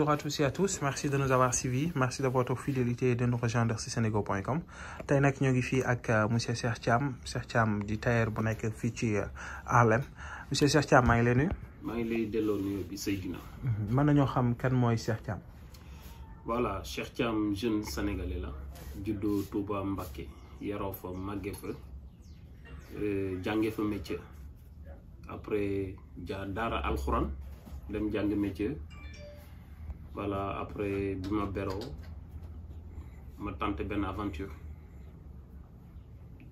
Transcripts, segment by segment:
bonjour à tous et à tous merci de nous avoir suivis merci de votre fidélité et de nous rejoindre ci senego.com tey nag ñoo ngi fii ak euh, monsieur Cheikh Thiam Cheikh Thiam di tailleur bu nekk fii ci euh, Harlem monsieur Cheikh maa ngi lay nuyu. maa ngi delloo nuyu bi Seydina. Mhm. mën nañoo xam kan mooy Cheikh Thiam. voilà Cheikh Thiam jeune sénégalais la juddoo Touba Mbacké yaroo fa màggee fa euh, jàngee fa métier après ja daara alxuraan dem jàng métier. voilà après bi ma beroo ma tenté benn aventure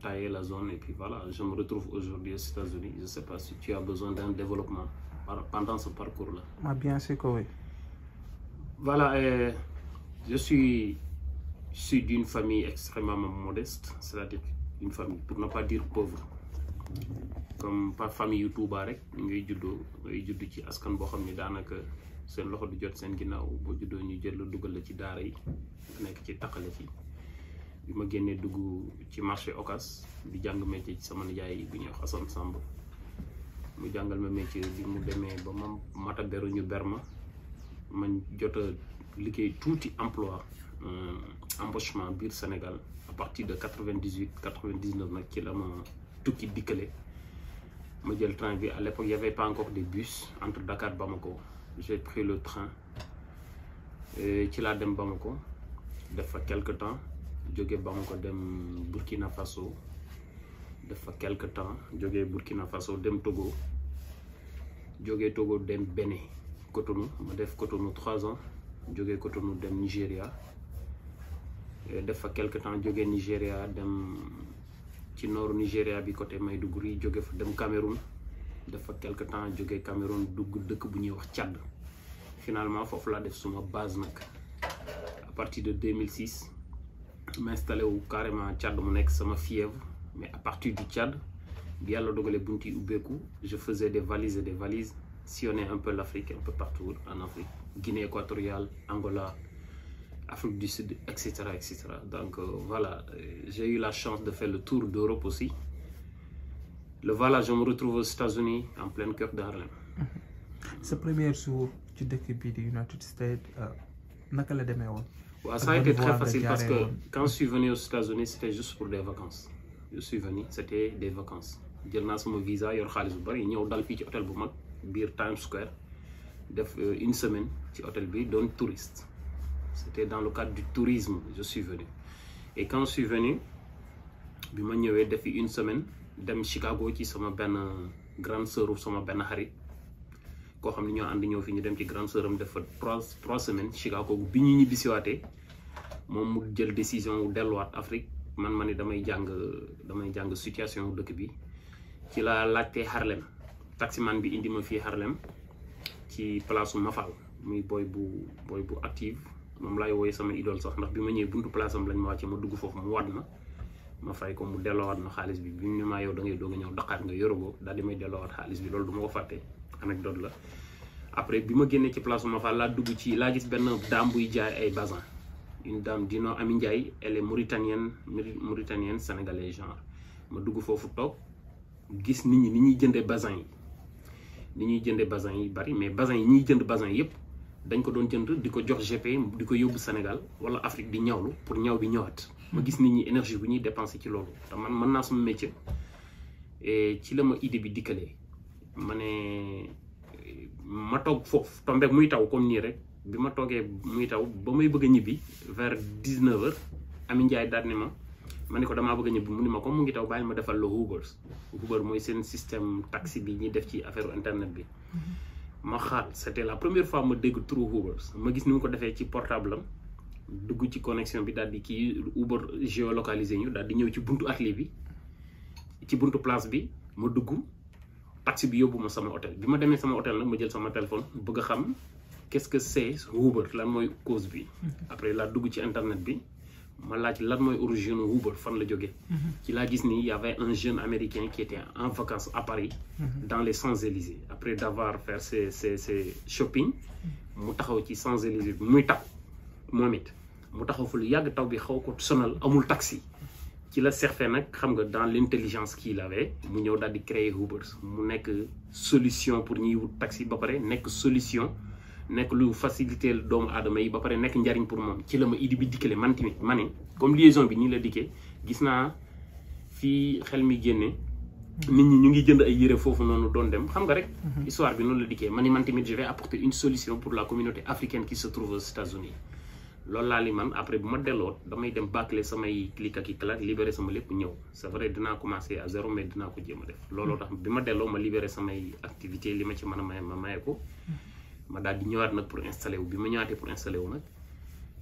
tailler la zone et voilà je me retrouve aujourd'hui aux États-Unis je sais pas si tu as besoin d'un développement pendant ce parcours la ah bien sûr que oui. voilà euh, je suis je d'une famille extrêmement modeste c'est-à-dire une famille pour ne pas dire pauvre comme par famille yu Tuuba rek ngay juddoo ngay juddu ci askan boo xam ni daanaka. seen loxo du jot seen ginnaaw boo juddoo ñu jël la dugal la ci daara yi nekk ci taqale ci bi ma génnee dugg ci marché Ocas di jàng métier ci sama nijaay bi ñuy wax Assane Samb mu jàngal ma métier bi mu demee ba ma mata beru ñu ber ma man jot a liggéey tuuti emploi euh, embauchement biir Sénégal à partir de quatre-vingt-dix-huit quatre-vingt-dix-neuf nag ci la ma tukki dikkale ma jël train bi à l'époque y avait pas encore des bus entre Dakar ko j'ai pris le train ci laa dem ko def fa quelque temps jóge Bamako dem Burkina Faso def fa quelque temps jóge Burkina Faso dem Togo jóge Togo dem Bénin Cotonou ma def Cotonou trois ans jóge Cotonou dem Nigéria def fa quelque temps jóge Nigéria dem ci nooru Nigéria bi côté Maiduguri jóge fa dem Cameroun def fa quelque temps jóge Cameroun dugg dëkk bu ñuy wax càdd finalement foofu laa def suma base nag à partir de 2006 ma installé wu carrément Tchad mu nekk sama fièvre mais à partir du Tchad bi yàlla dogalee bunt yi ubbeeku je faisais des valises et des valises sillonner un peu l'Afrique un peu partout en Afrique Guinée équatoriale Angola Afrique du Sud et cetera donc euh, voilà j'ai eu la chance de faire le tour d'Europe aussi le voilà je me retrouve aux États-Unis en plein cœur d'Harlem mm-hmm. sa première jour ci dëkk bii di United States euh, naka la demee woon. waa ça a été très facile parce que quand je suis venu aux États-Unis pour des vacances je suis venu des vacances jël naa sama visa yor xaalis bu bari ñëw dal fii ci hôtel bu mag biir Times Square def euh, une semaine ci hôtel bi doon tourist c'était dans le cadre du tourisme je suis et quand je bi ma ñëwee defi une semaine dem Chicago ci sama benn euh, grande sœur sama benn xarit. koo xam ne ñoo ànd ñëw fi ñu dem ci grande sœur am def fa trois trois semaines Chicago bi ñu ñibbisiwaatee moom mu jël décision wu delluwaat Afrique man ma ne damay jàng damay jàng situation dëkk bi ci la laajtee Harlem taximan bi indi ma fii xarlem ci place su Mafal muy booy bu booy bu active moom laay wooye sama idole sax ndax bi ma ñëwee buntu place am lañ ma wàcce ma dugg foofu mu wadd ma ma fay ko mu delloowaat ma xaalis bi bi mu a ñëw may delloowaat xaalis bi loolu du ma fàttee anecdote la après bi ma génnee ci place ma fa laa dugg ci laa gis benn daam buy jaay ay bazin une dame dino Ami Ndiaye elle est mauritanienne mauritanienne sénégalaise genre ma dugg foofu toog gis nit ñi ni ñuy jëndee bazin yi ni ñuy jëndee bazin yi bari mais bazin yi ñuy jënd bazin yëpp dañ ko doon jënd di ko jox GP di ko yóbbu Sénégal wala Afrique di ñawlu pour ñaw bi ñëwaat. ma gis nit ñi énergie bu ñuy dépensé ci loolu te man mën naa sama métier et ci la ma idée bi dikkalee. ma ne ma toog foofu tombeek muy taw comme nii rek bi ma toogee muy taw ba may bëgg a ñibbi vers dix neuf heures Ami Ndiaye daal ne ma ma ne ko damaa bëgg a ñibbi mu ni ma comme mu ngi taw bàyyi ma defal la Uber Uber mooy seen système taxi bi ñuy def ci affaire internet bi ma xaal c'était la première fois ma dégg turu Uber ma gis ni mu ko defee ci portable am dugg ci connexion bi daal di kii Uber géolocalisé ñu daal di ñëw ci buntu atelier bi ci buntu place bi ma dugg taxi bi yóbbu ma sama hôtel bi ma demee sama hôtel nag ma jël sama téléphone bëgg a xam qu'est-ce que c'est Uber lan mooy cause bi mhm. après laa dugg ci internet bi ma laaj lan mooy origine Uber fan la jógee mhm. ci laa gis ni y avait un jeune américain qui était en vacances à Paris mhm. dans les Champs-Élysées après d'avoir fait ses ses ses shopping mu taxaw ci Champs-Élysées bi muy taw moom it mu taxaw fa lu yàgg taw bi xaw ko sonal amul taxi ci la certain nag xam nga dans l'intelligence qu'il avait mu ñëw daal di créer Uber mu nekk solution pour ñuy wut taxi ba pare nekk solution nekk lu faciliter doomu aadama yi ba pare nekk njariñ pour moom ci la ma idée bi dikkale man tamit ma ne comme liaison bi nii la dikkee gis naa fii xel mi génne mhm. nit ñi ñu ngi jënd ay yére foofu noonu doon dem xam nga rek mhm. histoire bi noonu la dikkee ma ni man tamit je vais apporter une solution pour la communauté africaine qui se loolu laa li man après bu ma delloo damay dem bâcler samay clic ak i clac libéré sama lépp ñëw c'est vrai dinaa commencer à zéro mais ko jéem a def looloo tax bi ma delloo ma libéré samay activité li ma ci man a may ma maye ko mm-hmm. ma daal di ñëwaat nag pour installer wu bi ma ñëwaatee pour installer wu nag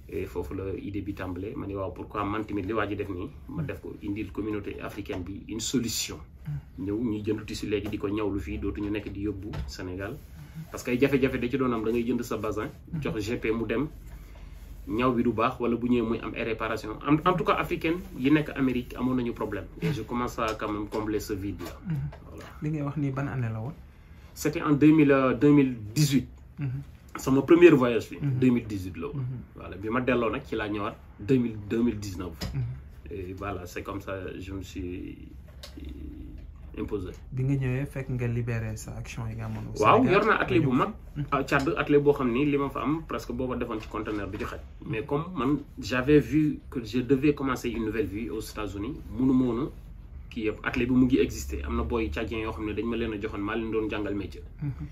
eh, foofu la idée bi tàmbalee ma ne waaw pourquoi man tamit li waa ji def nii ma def ko indil communauté africaine bi une solution mm-hmm. ñëw ñuy jënd tissu léegi di ko ñawlu fii dootuñu nekk di yóbbu Sénégal mm-hmm. parce que ay da ci doon am da jënd sa bazin jox GP mu dem ñaw bi du baax wala bu ñëwee muy am réparation en tout cas africaine yi nekk Amérique amoon nañu problème. et je commence à quand même combler mm-hmm. wax nii ban la woon. c' mille deux mille euh, dix huit. Mm-hmm. sama premier voyage mm-hmm. bi. ma delloo nag ci laa ñëwaat deux mille deux mille dix neuf. voilà comme ça je me suis. imposé. bi nga ñëwee fekk nga libéré sa action yi nga amoon. waaw yor naa atelier bu mag. Ah, Tchad atelier boo xam ni li ma fa am presque boo ko defoon ci conteneur di xaj. mais comme man j'avais vu que je devais commencer une nouvelle vie aux États-Unis munu ma woon a kii yëpp atelier bi mu ngi exister am na booy tchadien yoo xam ne dañ ma leen a joxoon maa leen doon jàngal métier. Mhm.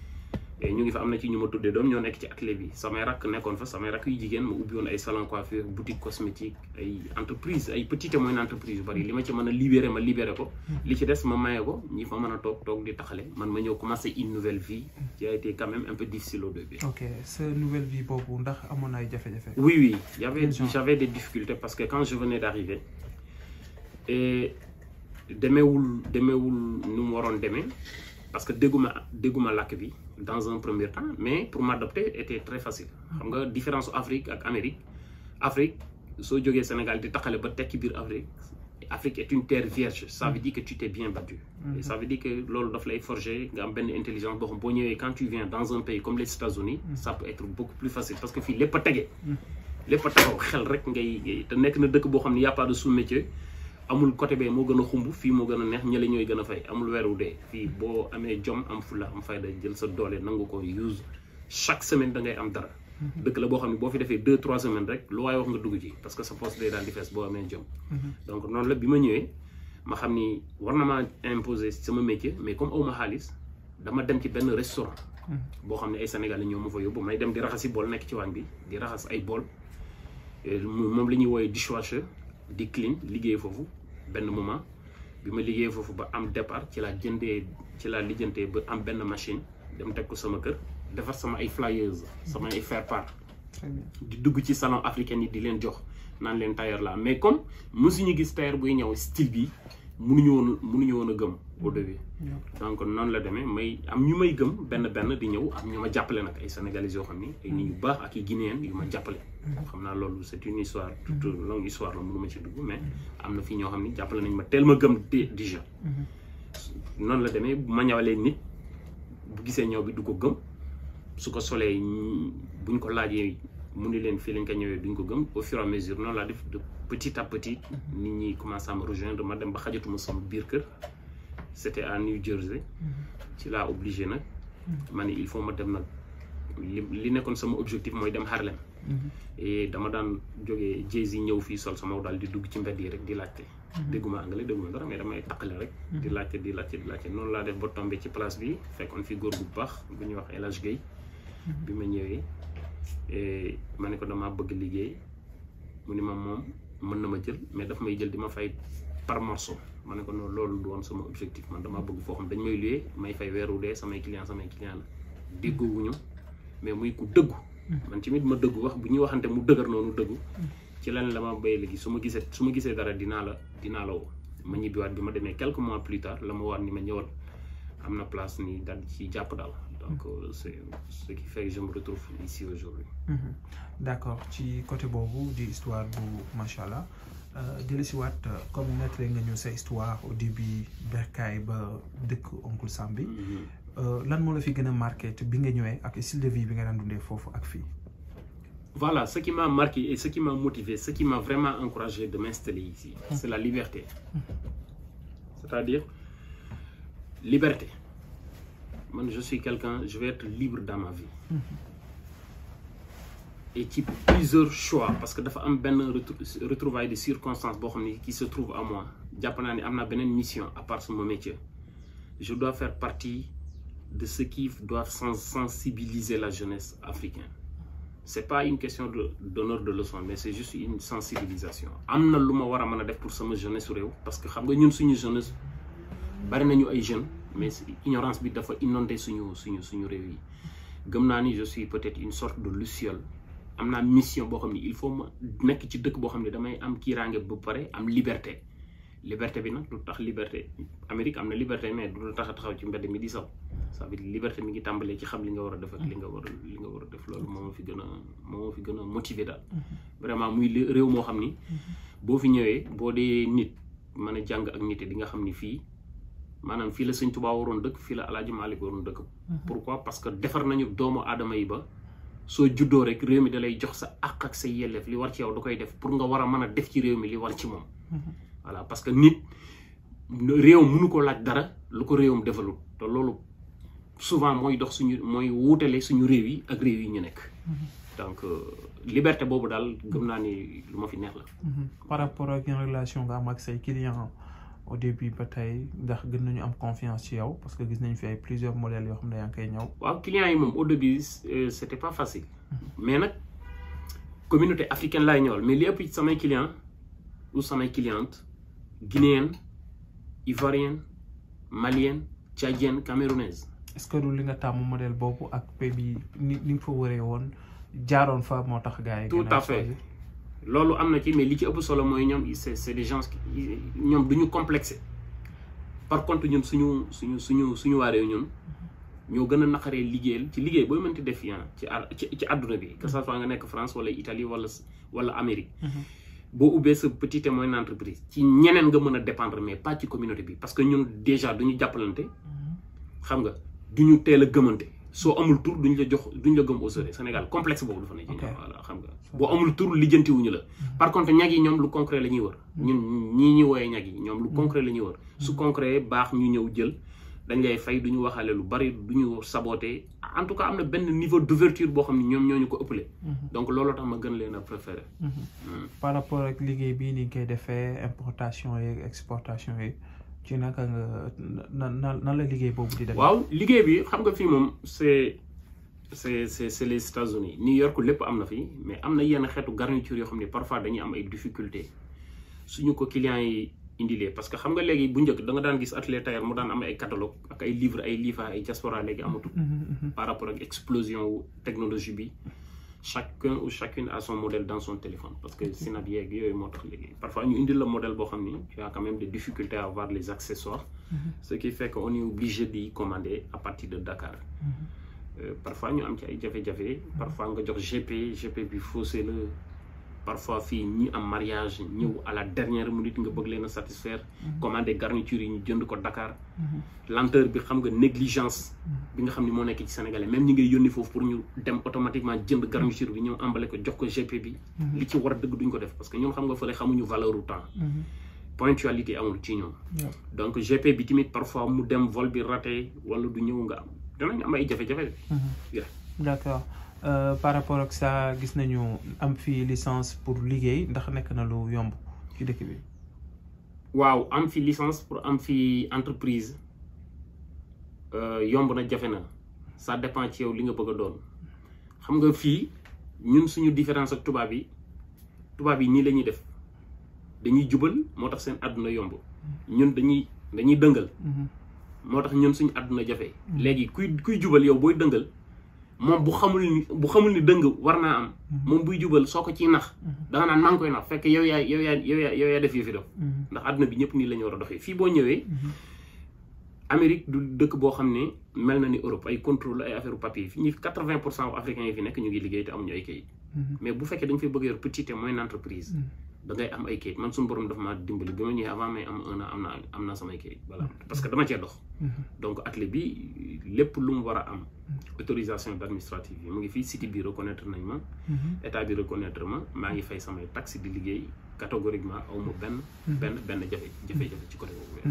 ñu ngi fa am na ci ñu ma tuddee doom ñoo nekk ci atelier bi samay rakk nekkoon fa samay rakk yu jigéen ma ubbi woon ay salon coiffure boutique cosmétique ay entreprise ay petite moyenne entreprise bari hmm. li ma ci mën a libéré ma libéré ko hmm. li ci des ma maye ko ñi fa mën a toog toog di taxale man ma ñëw commencé une nouvelle vie qui a été quand même un peu difficile au début ok sa nouvelle vie boobu ndax amoon ay jafe-jafe oui oui j'avais j'avais des parce que quand je venais demeewul nu mu waroon demee parce que dégguma dégguma làkk bi dans un premier temps mais pour m'adapter était très facile xam nga différence Afrique ak Amérique Afrique soo jógee Sénégal di taxale ba tekki biir Afrique Afrique est une terre vierge ça veut mm. dire que tu t'es bien battu et mm-hmm. veut dire que loolu daf lay forger nga am benn intelligence boo xam boo ñëwee quand tu viens dans un pays comme les États-Unis mm. ça peut être beaucoup plus facile parce que fii lépp a tege mm. lépp a taxaw xel rek ngay nekk na dëkk boo xam ne y a pas amul côté bee moo gën a xumb fii moo gën a neex ñële ñooy gën a fay amul weer wu dee fii boo amee jom am fulla am fay fayda jël sa doole nangu ko use chaque semaine da ngay am dara. Mhm. dëkk la boo xam ne boo fi defee deux trois semaines rek lu waaye wax nga dugg ci parce que sa poste day daal di fees boo amee jom. Mhm. donc noonu la bi ma ñëwee ma xam ni war na maa imposer sama métier mais comme aw ma xaalis dama dem ci benn restaurant. Mhm. boo xam ne ay Sénégalais ñoo ma fa yóbbu may dem di raxasi bool nekk ci waañ bi di raxas ay bool euh, moom la ñuy woowee dishwasher di clean liggéey foofu benn moment bi ma liggéey foofu ba am depart ci laa jëndee ci laa lijjantee ba am benn machine dem teg ko sama kër defar sama ay flyers sama ay faire part di dugg ci salon africain yi di leen jox naan leen tailleur la mais comme mosuñu gis tailleur buy ñëw style bi mënuñu woon mënuñu woon a gëm de mm. début donc noonu la demee may am ñu may gëm benn benn di ñëw am ñu ma jàppale nag ay sénégalais yoo xam ni ay nit yu mm. baax ak i guinéen yu ma mm. jàppale xam naa loolu c'est une histoire toute longue histoire la mënu ma ci dugg mais am na fii ñoo xam ni jàppale nañ ma teel ma gëm déjà mm-hmm. noonu la demee bu ma ñawalee nit bu gisee ñëw bi du ko gëm su ko solee ñu ko laajee mu ni leen fii lañ ko ñëwee duñ ko gëm au fur et à laa def petit a petit mhm. nit ñi commencé à rejoindre ma dem ba xajatuma sama biir kër c'était a New Jersey mhm. ci laa obligé nag mhm. ma ne il faut ma dem nag li li nekkoon sama objectif mooy dem Harlem et dama daan jógee Jay-Z ñëw fii sol sama daal di dugg ci mbedd yi rek di laajte dégguma anglais dégguma dara mais damay taqale rek di laajte di laajte di laajte noonu laa def ba tombé ci place bi fekkoon fi góor bu baax bu ñuy wax El Hadj Gueye bi ma ñëwee ma ne ko damaa bëgg liggéey mu ni ma moom mën na ma jël mais dafa may jël di ma fay par morceau ma ne ko noonu loolu du woon sama objectif damaa bëgg foo xam dañ may luyee may fay weeru dee samay client samay client la déggoowuñu mais muy ku dëggu man tamit ma dëggu wax bu ñuy waxante mu dëgër noonu dëggu ci lan la ma bay léegi su ma gisee su ma gisee dara dinaa la dinaa la woo ma ñibbiwaat bi ma demee quelques mois plus tard la ma waat ni ma ñëwal am na place ni daal ci jàpp daal donc euh, c' est ce d' mhm. accord ci côté boobu di histoire bu macha allah euh, dellusiwaat euh, comme nettali nga ñu sa histoire au début berkaay ba dëkk oncle sambi bi mhm. lan moo la fi gën a marqué bi nga ñëwee ak style de vie bi nga daan dundee foofu ak fii. voilà ce qui m'a marqué et ce qui m'a motivé ce qui m'a vraiment encouragé de m'installer ici mhm. c'est la liberté c'est-à-dire liberté man je suis quelqu'un je vais être libre dans ma vie mm-hmm. et ci plusieurs choix parce que dafa am benn retrouvaille de circonstances boo xam ne qui se trouve à moi jàpp naa ne am naa beneen mission à part sama métier je dois faire partie de ceux qui doivent sensibiliser la jeunesse africaine c'est pas une question de donneur de leçon mais c'est juste une sensibilisation am na lu ma war a mën a def pour sama jeunesse réew parce que xam nga ñun suñu jeunesse bari nañu ay jeunes mais ignorance bi dafa inondé suñu suñu suñu réew yi gëm naa ni je suis peut-être une sorte de luciole am naa mission boo xam ne il faut ma nekk ci dëkk boo xam ne damay am kiiraange bu pare am liberté liberté bi nag lu tax liberté Amérique am na liberté mais du tax ci mbedd mi di saw ça veut dire liberté mi ngi tàmbalee ci xam li nga war a def ak li nga war a li nga war a def loolu moo fi gën a moo fi gën a motivé daal mm-hmm. vraiment muy réew moo xam ni mm-hmm. boo fi ñëwee boo dee nit mën a jàng ak nit di nga xam ni maanaam fii la sëñ Tuubaa waroon dëkk fii la Alaaji Maalik waroon dëkk mhm. pourquoi parce que defar nañu doomu aadama yi ba soo juddoo rek réew mi dalay jox sa àq ak sa yelleef li war ci yow da koy def pour nga war a man a def ci réew mi li war ci moom mhm. voilà parce que nit réew mënu ko laaj dara lu ko réewam defalul te loolu souvent mooy dox suñu mooy wuutale suñu réew yi ak réew yi ñu nekk mhm. donc euh, liberté boobu daal gëm naa ni lu ma fi neex la par rapport au début ba tey ndax gën nañu am confiance ci yow parce que gis nañu fi ay plusieurs modèles yoo xam ne yaa ngi koy ñëw. waaw clients yi moom au début euh, c' était pas facile. mais nag communauté africaine laay ñëwal mais li ëpp ci samay clients ou samay clientes guinéenne ivoirienne malienne tchadienne camerounaise. est ce que du li nga tàmm modèle boobu ak pays bi ni ni nga fa woon jaaroon fa moo tax. gars yi tout à fait. loolu am na ci mais li ci ëpp solo mooy ñoom c'est c'est des ñoom du ñu complexé par contre ñun suñu suñu suñu suñu waaree ñun ñoo gën a naqaree liggéeyal ci liggéey booy mënti def yan ci ci àdduna bi que ça soit nga nekk France wala Italie wala wala Amérique mm-hmm. boo ubbee sa petite et moyenne entreprise ci ñeneen nga mën a dépendre mais pas ci bi parce que ñun déjà duñu jàppalante mm-hmm. xam nga duñu teel a gëmante soo amul tur duñ la jox duñ la gëm osere Sénégal complexe boobu dafa nekk ci ñoom voilà xam nga boo amul tur lijjantiwuñu la hmm. par contre ñag yi ñoom lu concret la ñuy wër hmm. ñun ñii ñu wooyee ñag yi ñoom lu hmm. concret la ñuy su concret baax ñu ñëw jël dañ lay fay du ñu waxaale lu bari du ñu saboté en tout cas am na benn niveau d'ouverture boo xam ne ñoom ñoo ñu ko ëppale. donc looloo tax ma gën leen a préféré. par rapport liggéey bii ni nga defee importation yeeg exportation yi ci naka nga nan nan la liggéey boobu di def. waaw liggéey bi xam nga fii moom c'est c'est c'est c'est les États-Unis New York lépp am na fi mais am na yenn xeetu garniture yoo xam ne parfois dañuy am ay difficultés suñu ko clients yi indilee parce que xam nga léegi bu njëkk danga daan gis atelier tailleur mu daan am ay catalogue ak ay livre ay liifa ay diaspora léegi amatul. Mhm, mhm. par rapport ak explosion technologie bi. chacun ou chacune a son modèle dans son téléphone parce que Synap yeeg yooyu moo tax léegi parfois ñu indil la modèle boo xam ni tu as quand même des difficultés à avoir les accessoires mm-hmm. ce qui fait que on est obligé di commander à partir de Dakar mm-hmm. euh, parfois ñu am ci ay jafe-jafe mm-hmm. parfois nga jox GP GP bi faussé la parfois fii ñi am mariage ñëw à la dernière minute nga bëgg leen a satisfaire mhm. commander garniture yi ñu jënd ko Dakar mhm. lenteur bi xam nga négligence mhm. bi nga xam ne moo nekk ci sénégalais même ñi ngay yónni foofu pour ñu dem automatiquement jënd garniture bi ñëw emballé ko jox ko GP bi li ci war dëgg duñ ko def parce que ñoom xam nga fële xamuñu valeur u temps ponctualité amul ci ñoom donc GP bi tamit parfois mu dem vol bi raté wala du ñëw nga am danañ am ay jafe-jafe Euh, par rapport ak ça gis nañu am fi licence pour liggéey ndax nekk na lu yomb ci dëkk bi. waaw am fi licence pour am fi entreprise euh, yomb na jafe na ça dépend ci yow li nga bëgg a doon xam nga fii ñun suñu différence ak tubaab yi tubaab yi nii la ñuy def dañuy jubal moo tax seen àdduna yomb ñun dañuy dañuy dëngal. Mhm. moo tax ñun suñu àdduna jafe. Mhm. léegi kuy kuy jubal yow booy dëngal. moom bu xamul ni bu xamul ni dëng war naa am. Mm-hmm. moom buy jubal soo ko ci nax. Mm-hmm. da nga naan maa koy nax fekk yow yaa yow yaa yow yaa yow yaa def yëfi dof mm-hmm. ndax àdduna bi ñëpp nii la ñu war a doxee fii boo ñëwee. Amérique du dëkk boo xam ne mel na ni Europe ay contrôle ay affaire papier fi ñi quatre-vingt pour cent africains yi fi nekk ñu ngi liggéey te amuñu ay kayit. mais bu fekkee dañu fay bëgg a yor petite et entreprise. dangay am ay kayit man suñu borom dafa maa dimbali bi ma ñëwee avant may am un am naa am naa samay kayit voilà mm-hmm. parce que dama cee dox. Mm-hmm. donc atlé bi lépp lu mu war a am. autorisation administrative bi mu ngi fii cité bi reconnaître nañ ma. Mm-hmm. état bi reconnaître ma maa ngi fay samay taxes di liggéey catégoriquement aw ma benn. benn benn jafe jafe-jafe ci côté boobu.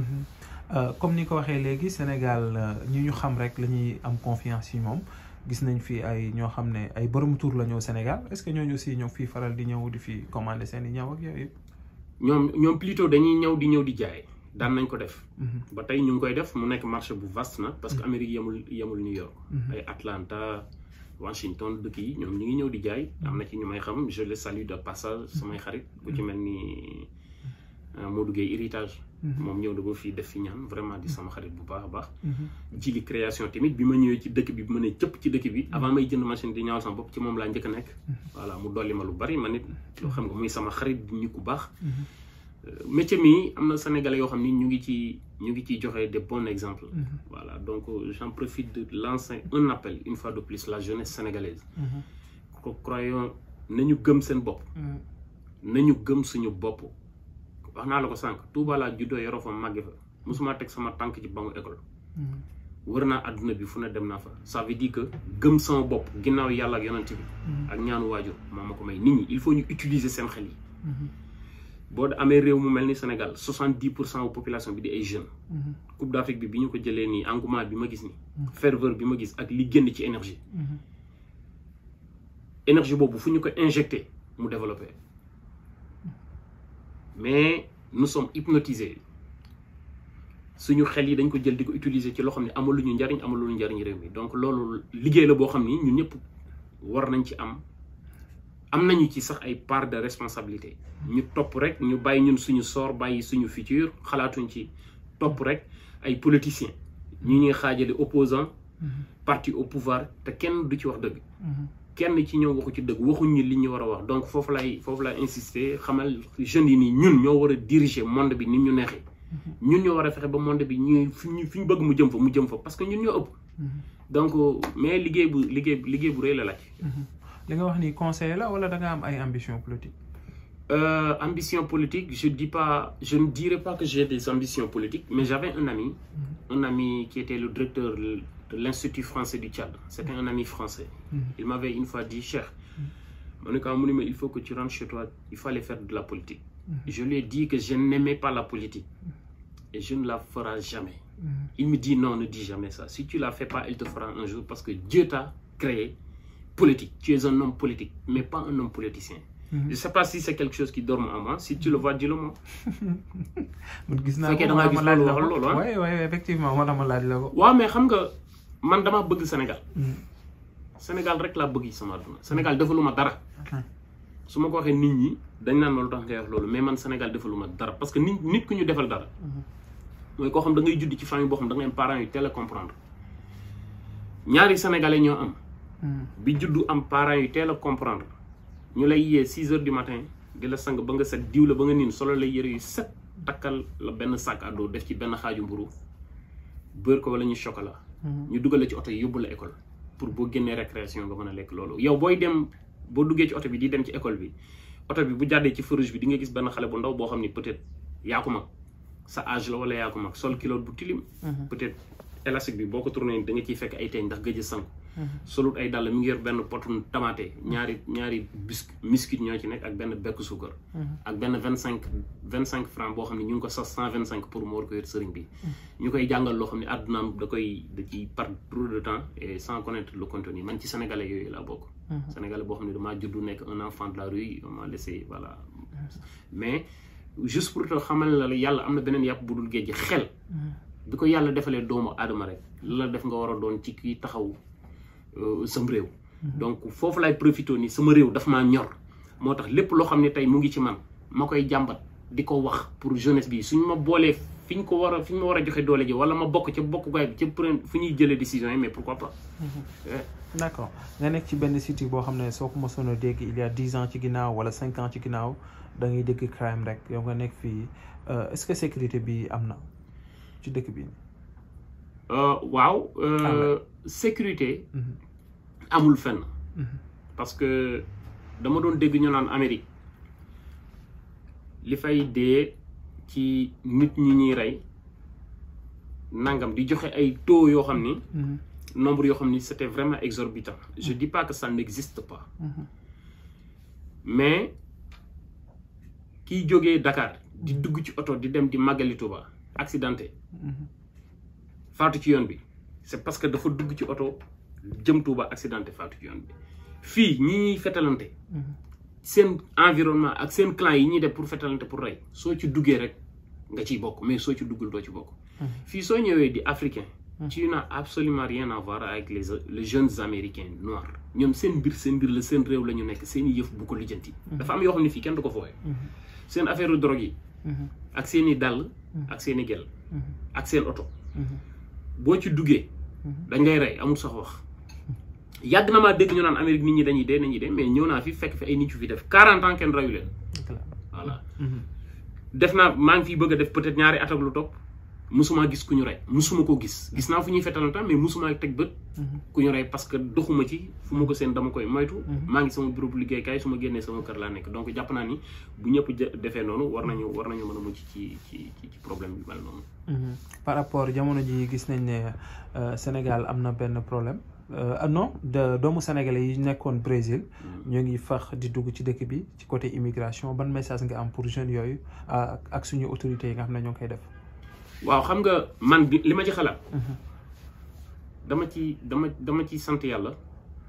Euh, comme ni ko waxee léegi Sénégal euh, ñi ñu xam rek la ñuy am confiance yi moom. gis nañ fi ay ñoo xam ne ay borom tour la ñëw Sénégal est-ce que ñooñu aussi ñoo fii faral di ñëw di fi commander seen i ñaw ak yooyu. ñoom ñoom plutôt dañuy ñëw di ñëw di jaay daan nañ ko def. Mhm. ba tey ñu ngi koy def mu nekk marché bu vaste na. parce que mhm. Amérique yemul yemul New York. Mhm. ay Atlanta Washington dëkk yi ñoom ñu ngi ñëw di jaay. am na ci ñu may xam je les salue de passage samay xarit. ku ci mel nii euh, moo duggee héritage. Mm-hmm. moom ñëw na ba fii def fi ñaan vraiment di sama xarit bu baax a baax ji mm-hmm. création tamit bi ma ñëwee ci dëkk bi bi ma ne cëpp ci dëkk bi mm-hmm. avant may jënd machine di ñaawal sama bopp ci moom laa njëkk a nekk voilà mu dolli ma lu bari ma nit loo xam nga muy sama xarit di nit ku baax euh, métier mi am na sénégalais yoo xam ni ñu ngi ci ñu ngi ci joxe des bons exemples voilà donc euh, j'en profite de lancer un appel une fois de plus la jeunesse sénégalaise ko na nañu gëm seen bopp nañu gëm suñu bopp wax naa la ko sànq Touba laa juddoo yoroo fa màgge teg sama tànk ci bangu école. Mm-hmm. wër naa àdduna bi fu na dem naa fa ça veut dire que gëm sama bopp ginnaaw yàlla ak yonent bi mm-hmm. ak ñaanu waajur moo ma ko may nit ñi il faut ñu utiliser seen xel yi mm-hmm. boo amee réew mu mel ni Sénégal soixante dix pour cent wu population bi di ay jeunes coupe d'Afrique bi bi ñu ko jëlee nii engouement bi ma gis nii ferveur bi ma gis ak li génn ci énergie énergie boobu fu ñu ko injecté mu développé mais nous sommes hypnotisés suñu xel yi dañ ko jël di ko utiliser ci loo xam ne amul njariñ amul lu ñu njariñ réew mi donc loolu liggéey la boo xam ni ñu ñëpp war nañ ci am am nañu ci sax ay part de responsabilité ñu topp rek ñu bàyyi ñun suñu sort bàyyi suñu futur xalaatuñ ci topp rek ay politiciens ñu ñuy xaajale opposant mm-hmm. parti au pouvoir te kenn du ci wax dëgg mm-hmm. kenn ci ñëw waxu ci dëgg waxuñ ñi li ñu war a wax donc foofu lay foofu lay insister xamal jeunes yi nii ñun ñoo war a diriger monde bi ni ñu neexee mhm. ñun ñoo war a fexe ba monde bi ñuy fi ñu fi ñu bëgg mu jëm fa mu jëm fa parce que ñun ñoo ëpp mhm. donc mais liggéey bu liggéey liggéey bu rëy la laaj mhm. li wax ni conseil la wala da am ay ambition politique Euh, ambition politique, je, di pas, je ne dirais pas que j'ai des ambitions politiques, mais j'avais un ami, mm -hmm. un ami qui était le directeur de l'Institut français du Tchad. C'était un ami français. Mm. Il m'avait une fois dit, cher, mm. il faut que tu rentres chez toi, il faut faire de la politique. Mm. Je lui ai dit que je n'aimais pas la politique je ne la ferai jamais. Il me dit, non, ne dis jamais ça. Si tu la fais pas, elle te fera un jour parce que Dieu t'a créé politique. Tu es un homme politique, mais pas un homme politicien. Je sais pas si c'est quelque chose qui dorme en moi. Si tu le vois, dis man damaa bëgg Sénégal hmm. Sénégal rek laa bëgg sama àdduna Sénégal defaluma dara su ma ko waxee nit ñi dañ naan ma lu tax ngay wax loolu mais man Sénégal defaluma dara parce que nit nit ku ñu defal dara hmm. mooy koo xam da ngay judd ci famille boo xam da ngay am parents yu teel a comprendre ñaari sénégalais ñoo am hmm. bi juddu am parent yu teel a comprendre ñu lay yee six heures du matin di la sang ba nga set diwla ba nga niin solo la yëre yu set takkal la benn sac def ci benn xaaju mburu bër ñu chocolat Mhm. ñu dugal ci oto yi yóbbu la école pour boo génnee récréation nga mën a lekk loolu yow booy dem boo duggee ci oto bi di dem ci école bi oto bi bu jàddee ci feu bi di nga gis benn xale bu ndaw boo xam ni peut-être yaa ko mag sa âge la wala yaa mag sol kilo bu tilim mhm. peut-être élastique bi boo ko tourné da nga ciy fekk ay teeñ ndax gëj a sanku solul ay dàll mi ngi yor benn potu tamaate ñaari ñaari bis biscuit ñoo ci nekk ak benn bekk suukar. ak benn vingt cinq vingt cinq franc boo xam ne ñu ngi ko sas cent vingt cinq pour moo war sëriñ bi. ñu koy jàngal loo xam ne àddunaam da koy da ciy par trop de temps et sans connaître le contenu man ci sénégalais yooyu laa bokk. Mhm. sénégalais boo xam ne damaa juddu nekk un enfant de la rue on m'a laissé voilà mais juste pour te xamal la yàlla am na beneen yàpp bu dul géej xel. Mhm. bi ko yàlla defalee doomu aadama rek la def nga war a doon ci kii taxaw. Euh, sam réew donc foofu laay profité nii sama réew dafa ma ñor moo tax lépp loo xam ne tey mu ngi ci man ma koy jàmbat di ko wax pour jeunesse bi suñ ma boolee fi ñu ko war a fi ñu ma war a joxe doole ji wala ma bokk ca bokkukaay bi ca prene fu ñuy jëlee décision yi mais pourquoi pas mm-hmm. d' nga nekk ci benn cité boo xam ne soo ko mosoon a dégg il y a dix ans ci ginnaaw wala cinq ans ci ginnaaw da dégg crime rek yow nga nekk fii euh, est sécurité bi am na ci dëkk bi Euh, waaw euh, ah sécurité mhm. amul fenn mhm. parce que dama doon dégg ñu naan Amérique li fay dee ci nit ñi ñuy rey nangam di joxe ay taux yoo xam ni mhm. nombre yoo xam ni c'était vraiment exorbitant je dis pas que ça n'existe pas mais kiy jógee Dakar di dugg ci oto di dem di Magali Touba accidenté faatu ci yoon bi c'est parce que dafa dugg ci oto jëm Touba accidenté faatu ci yoon bi fii ñi ñuy fetalante mhm. seen environnement ak seen clan yi ñuy def pour fetalante pour rey soo ci duggee rek nga ci bokk mais soo ci duggul doo ci bokk mhm. fii soo ñëwee di africain mhm. tu n'as absolument rien à voir avec les jeunes américains noirs ñoom seen mbir seen mbir la seen réew la ñu nekk seen i yëf bu ko lijjanti dafa am yoo xam ne fii kenn du ko fooyee seen affaire drogue yi ak seen i ak seen i gel boo ci duggee mhm. dañ lay rey amul sax wax yàgg na maa dégg ñu naan Amérique nit ñi dañu dee nañu dee mais ñëw naa fi fekk fi ay nit yu fi def 40 ans kenn rayu leen voilà mhm. def naa maa ngi fi bëgg a def peut-être ñaari at lu topp musuma gis ku ñu rey musuma ko gis gis naa fu ñuy fetalante mais musuma teg bët mhm. ku ñu rey parce que doxuma ci fu ma ko seen dama koy moytu mhm. maa ngi sama bureau liggéey liggéeykaay su ma génnee sama kër laa nekk donc jàpp naa ni bu ñëpp defee noonu war nañu war nañu mën a mucc ci ci ci problème bi mel noonu mhm. par rapport jamono ji gis nañ ne euh, Sénégal am na benn problème euh, ah no de doomu sénégalais yi nekkoon Brésil ñoo ngi fax di dugg ci dëkk bi ci côté immigration ban message nga am pour jeunes yooyu ak suñu autorités yi nga xam ne ñoo koy def waaw xam nga man li ma ci xalaat. Mhm. dama ci dama dama ci sant yàlla.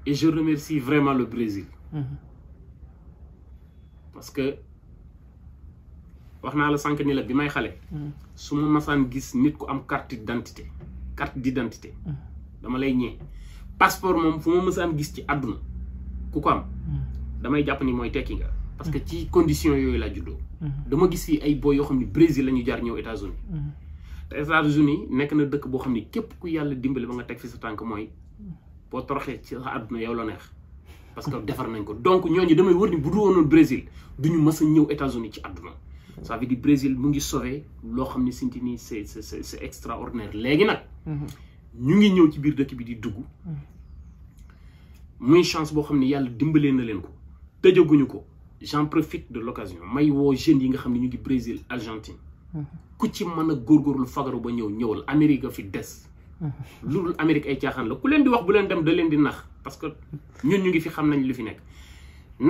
et je remercie vraiment le Brésil. Mhm. parce que wax naa la sànq ni la bi may xale. Mhm. su ma masaan gis nit ku am carte d'identité carte d'identité. dama lay ñee passeport moom fu ma masaan gis ci àdduna ku ko am. damay jàpp ni mooy tekki nga. parce que ci condition yooyu laa juddoo. dama gis fii ay boy yoo xam ne Brésil la ñu jaar ñëw États-Unis te États-Unis nekk na dëkk boo xam ne képp ku yàlla dimbali ba nga teg fi sa tànk mooy boo toroxee ci sa àdduna yow la neex parce que defar nañ ko donc ñooñu damay wër ni bu du woonoon Brésil duñu mës a ñëw États-Unis ci àdduna ça veut dire Brésil mu ngi sauvé loo xam ne sinti nii c'est c'est c'est extraordinaire léegi nag ñu ngi ñëw ci biir dëkk bi di dugg muy chance boo xam ne yàlla dimbalee na leen ko tëjaguñu ko j'en profite de l'occasion may woo jeunes yi nga xam ne ñu ngi Brésil Argentine ku ci mën a góorgóorlu fagaru ba ñëw ñëwal Amérique a fi des. loolu Amérique ay caaxaan la ku leen di wax bu leen dem da leen di nax parce que ñun ñu ngi fi xam nañ lu fi nekk.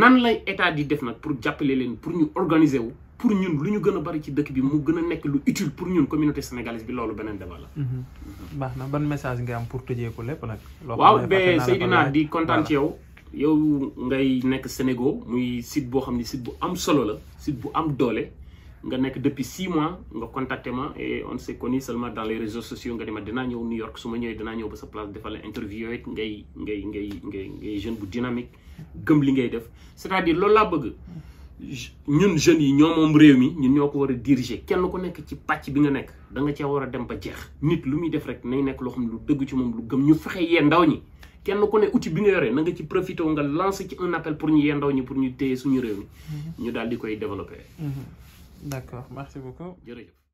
nan lay état di def nag pour jàppale leen pour ñu organiser wu pour ñun lu ñu gën a bari ci dëkk bi mu gën a nekk lu utile pour ñun communauté sénégalaise bi loolu beneen débat la. Mhm. baax na ban message nga am pour tëjee ko lépp nag. waaw ba Seydina di kontaan ci yow. yow ngay nekk Sénégal muy site boo xam ne site bu am solo la site bu am doole. nga nekk depuis six mois nga contacté ma et on s'est connu seulement dans les réseaux sociaux nga ne ma dinaa ñëw New York su ma ñëwee dinaa ñëw ba sa place defal la interview ngay ngay ngay ngay ngay jeune bu dynamique gëm li ngay def c'est-à-dire loolu laa bëgg ñun jeunes yi ñoo moom réew mi ñun ñoo ko war a diriger kenn ku nekk ci pàcc bi nga nekk da nga cee war a dem ba jeex nit lu muy def rek nay nekk loo xam lu dëgg ci moom lu gëm ñu fexe yee ndaw ñi kenn ku ne outil bi nga yoree na nga ci profité nga lancé ci un appel pour ñu yee ñi pour ñu téye suñu réew mi mm-hmm. ñu daal di développé mm-hmm. d'accord merci beaucoup jërëjëf